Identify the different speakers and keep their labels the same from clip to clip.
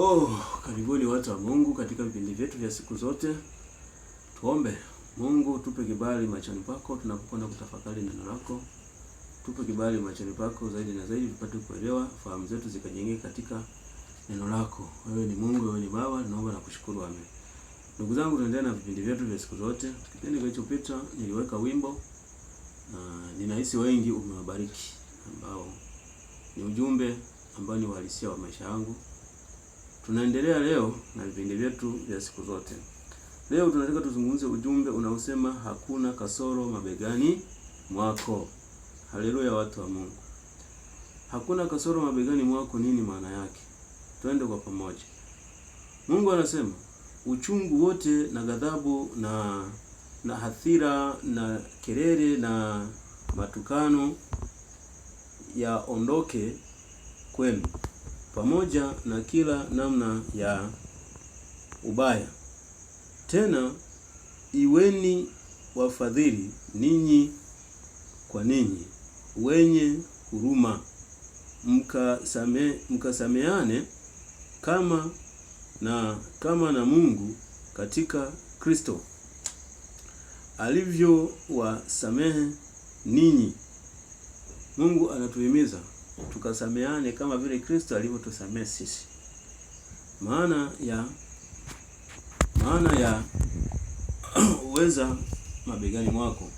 Speaker 1: Oh, karibuni watu wa Mungu katika vipindi vyetu vya siku zote. Tuombe. Mungu, tupe kibali machoni pako tunapokwenda kutafakari neno lako. Tupe kibali machoni pako zaidi na zaidi tupate kuelewa, fahamu zetu zikajenge katika neno lako. Wewe ni Mungu, wewe ni Baba, naomba na kushukuru, amen. Ndugu zangu, tunaendelea na vipindi vyetu vya siku zote. Kipindi kilichopita niliweka wimbo na ninahisi wengi umewabariki, ambao ni ujumbe ambao ni uhalisia wa maisha yangu. Tunaendelea leo na vipindi vyetu vya siku zote. Leo tunataka tuzungumze ujumbe unaosema hakuna kasoro mabegani mwako. Haleluya, watu wa Mungu. Hakuna kasoro mabegani mwako, nini maana yake? Twende kwa pamoja. Mungu anasema uchungu wote na ghadhabu na na hathira na kelele na matukano yaondoke kwenu pamoja na kila namna ya ubaya. Tena iweni wafadhili ninyi kwa ninyi, wenye huruma, mkasame mkasameane kama na kama na Mungu katika Kristo alivyowasamehe ninyi. Mungu anatuhimiza tukasameane kama vile Kristo alivyotusamehe sisi. Maana ya maana ya uweza mabegani mwako.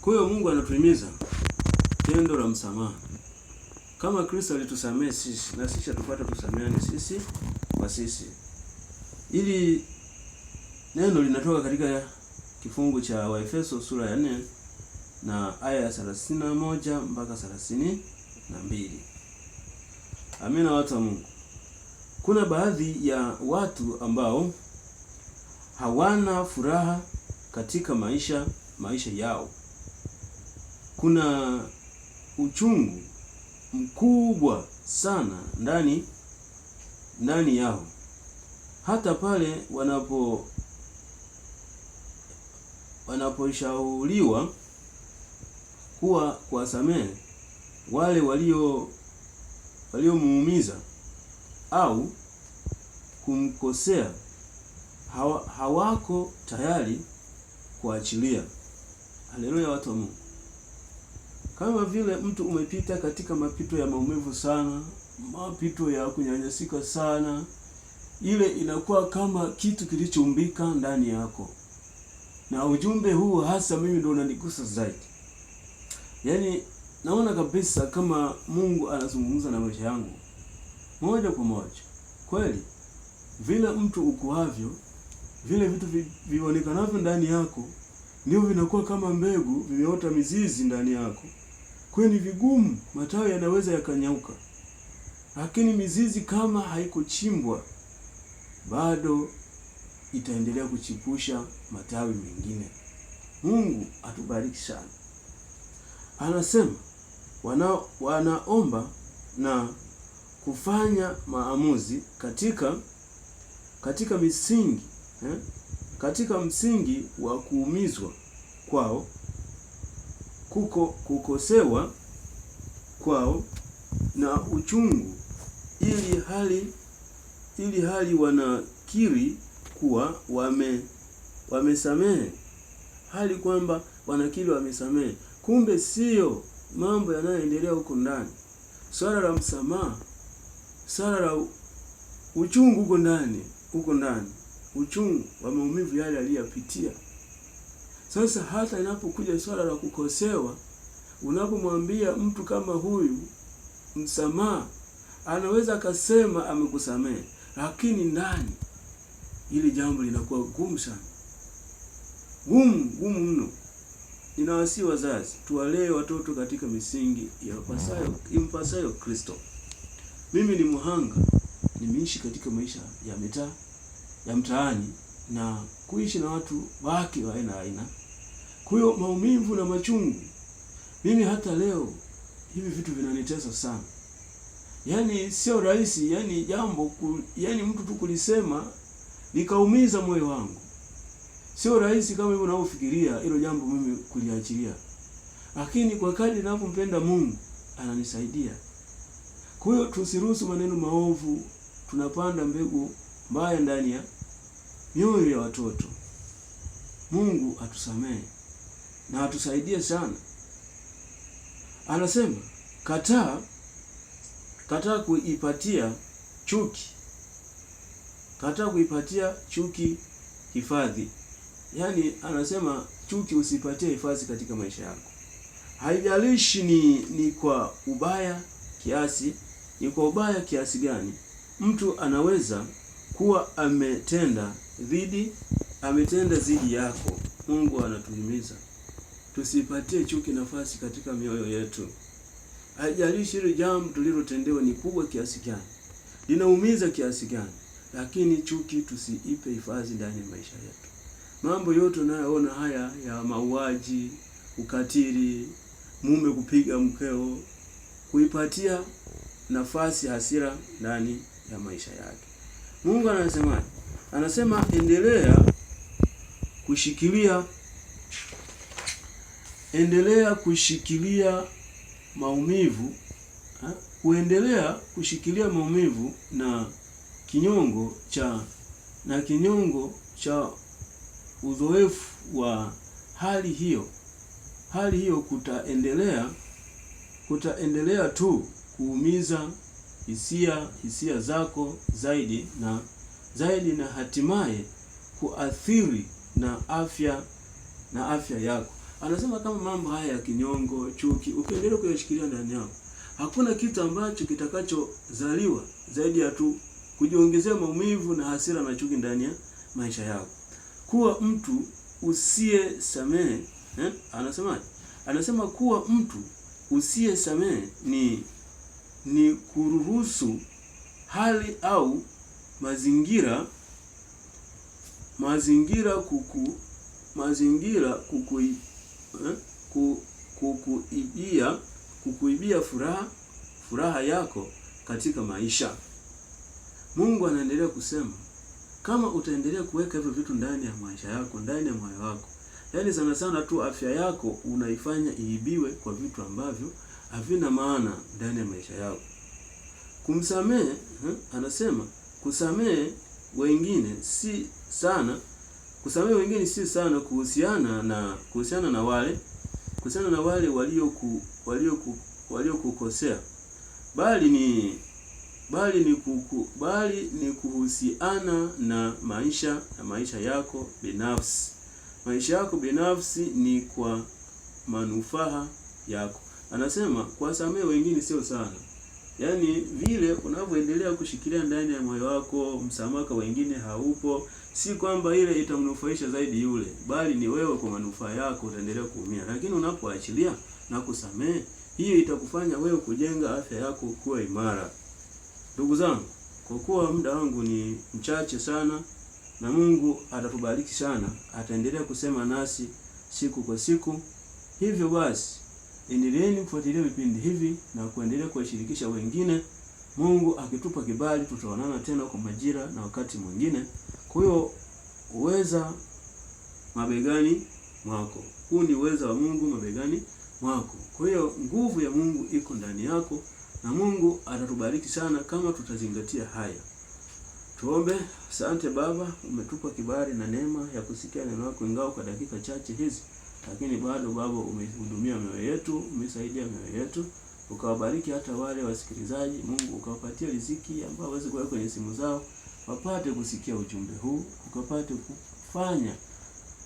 Speaker 1: Kwa hiyo Mungu anatuhimiza tendo la msamaha kama Kristo alitusamehe sisi, na sisi tupate kusameane sisi kwa sisi. Ili neno linatoka katika kifungu cha Waefeso sura ya 4 na aya ya 31 mpaka mbili. Amina, watu wa Mungu. Kuna baadhi ya watu ambao hawana furaha katika maisha maisha yao. Kuna uchungu mkubwa sana ndani ndani yao, hata pale wanapo wanaposhauriwa kuwa kuwasamehe wale walio waliomuumiza au kumkosea hawako tayari kuachilia. Haleluya, watu wa Mungu. Kama vile mtu umepita katika mapito ya maumivu sana, mapito ya kunyanyasika sana, ile inakuwa kama kitu kilichoumbika ndani yako, na ujumbe huu hasa mimi ndio unanigusa zaidi. Yaani naona kabisa kama Mungu anazungumza na maisha yangu moja kwa moja. Kweli vile mtu ukuavyo, vile vitu vionekanavyo ndani yako ndio vinakuwa kama mbegu vimeota mizizi ndani yako. ni vigumu matawi yanaweza yakanyauka, lakini mizizi kama haikuchimbwa bado itaendelea kuchipusha matawi mengine. Mungu atubariki sana anasema wana, wanaomba na kufanya maamuzi katika katika misingi eh, katika msingi wa kuumizwa kwao, kuko kukosewa kwao na uchungu, ili hali ili hali wanakiri kuwa wame wamesamehe hali kwamba Bwana Kilwa Kumbe sio mambo yanayoendelea huko ndani. Swala la msamaha, swala la uchungu huko ndani, huko ndani, uchungu wa maumivu yale aliyapitia. Sasa hata inapokuja swala la kukosewa, unapomwambia mtu kama huyu msamaha, anaweza akasema amekusamehe, lakini ndani ili jambo linakuwa gumu sana, gumu gumu mno. Ninawasi wazazi tuwalee watoto katika misingi ya pasayo impasayo Kristo. Mimi ni mhanga, nimeishi katika maisha ya mitaa ya mtaani na kuishi na watu wake wa aina aina. Kwa hiyo maumivu na machungu, mimi hata leo hivi vitu vinanitesa sana. Yaani sio rahisi, yaani jambo ku, yaani mtu tu kulisema likaumiza moyo wangu. Sio rahisi kama hivyo unavyofikiria hilo jambo mimi kuliachilia, lakini kwa kadri ninavyompenda Mungu ananisaidia. Kwa hiyo tusiruhusu maneno maovu, tunapanda mbegu mbaya ndani ya mioyo ya watoto. Mungu atusamehe na atusaidie sana. Anasema kataa, kataa kuipatia chuki, kataa kuipatia chuki hifadhi. Yaani anasema chuki usipatie hifadhi katika maisha yako. Haijalishi ni ni kwa ubaya kiasi, ni kwa ubaya kiasi gani, mtu anaweza kuwa ametenda dhidi ametenda dhidi yako. Mungu anatuhimiza tusipatie chuki nafasi katika mioyo yetu. Haijalishi ile jambo tulilotendewa ni kubwa kiasi gani, linaumiza kiasi gani, lakini chuki tusiipe hifadhi ndani ya maisha yetu. Mambo yote unayoona haya ya mauaji, ukatili, mume kupiga mkeo, kuipatia nafasi hasira ndani ya maisha yake. Mungu anasema, Anasema endelea kushikilia, endelea kushikilia maumivu ha? kuendelea kushikilia maumivu na kinyongo cha na kinyongo cha uzoefu wa hali hiyo, hali hiyo kutaendelea kutaendelea tu kuumiza hisia hisia zako zaidi na zaidi, na hatimaye kuathiri na afya na afya yako. Anasema kama mambo haya ya kinyongo, chuki, ukiendelea kuyashikilia ndani yako, hakuna kitu ambacho kitakachozaliwa zaidi ya tu kujiongezea maumivu na hasira na chuki ndani ya maisha yako kuwa mtu usiye eh? Anasema Anasema kuwa mtu usiye samehe ni ni kuruhusu hali au mazingira mazingira kuku mazingira kukui, eh? kukuibia kukuibia furaha furaha yako katika maisha. Mungu anaendelea kusema kama utaendelea kuweka hivyo vitu ndani ya maisha yako, ndani ya moyo wako, yaani sana sana tu afya yako unaifanya iibiwe kwa vitu ambavyo havina maana ndani ya maisha yako. Kumsamehe, eh, anasema kusamehe wengine si sana, kusamehe wengine si sana kuhusiana na kuhusiana na wale kuhusiana na wale walio ku, walio ku, walio kukosea bali ni bali ni kuku, bali ni kuhusiana na maisha na maisha yako binafsi. Maisha yako binafsi ni kwa manufaa yako. Anasema kuwasamehe wengine sio sana, yaani vile unavyoendelea kushikilia ndani ya moyo wako msamaha wengine haupo, si kwamba ile itamnufaisha zaidi yule, bali ni wewe kwa manufaa yako utaendelea kuumia, lakini unapoachilia na kusamehe, hiyo itakufanya wewe kujenga afya yako kuwa imara. Ndugu zangu, kwa kuwa muda wangu ni mchache sana, na Mungu atatubariki sana, ataendelea kusema nasi siku kwa siku. Hivyo basi, endeleeni kufuatilia vipindi hivi na kuendelea kuwashirikisha wengine. Mungu akitupa kibali, tutaonana tena kwa majira na wakati mwingine. Kwa hiyo uweza mabegani mwako, huu ni uweza wa Mungu mabegani mwako. Kwa hiyo nguvu ya Mungu iko ndani yako na Mungu atatubariki sana kama tutazingatia haya. Tuombe. Asante Baba, umetupa kibali na neema ya kusikia neno lako, ingawa kwa dakika chache hizi, lakini bado Baba umehudumia mioyo yetu, umesaidia mioyo yetu, ukawabariki hata wale wasikilizaji. Mungu ukawapatia riziki ambao waweze kuweka kwenye simu zao, wapate kusikia ujumbe huu, ukapate kufanya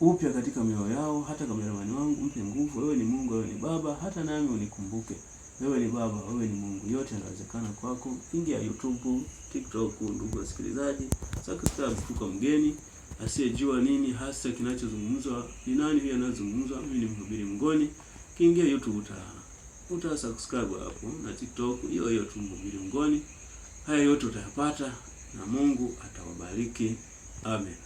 Speaker 1: upya katika mioyo yao. Hata kama kameramani wangu mpe nguvu, wewe ni Mungu, wewe ni Baba, hata nami unikumbuke. Wewe ni Baba, wewe ni Mungu, yote yanawezekana kwako. Ingia YouTube, TikTok, ndugu wasikilizaji, subscribe. kwa mgeni asiyejua nini hasa kinachozungumzwa ni nani huyo anazungumzwa. Mimi ni mhubiri Mngoni. Kiingia YouTube uta uta subscribe hapo na TikTok hiyo hiyo tu, mhubiri Mngoni. Haya yote utayapata na Mungu atawabariki. Amen.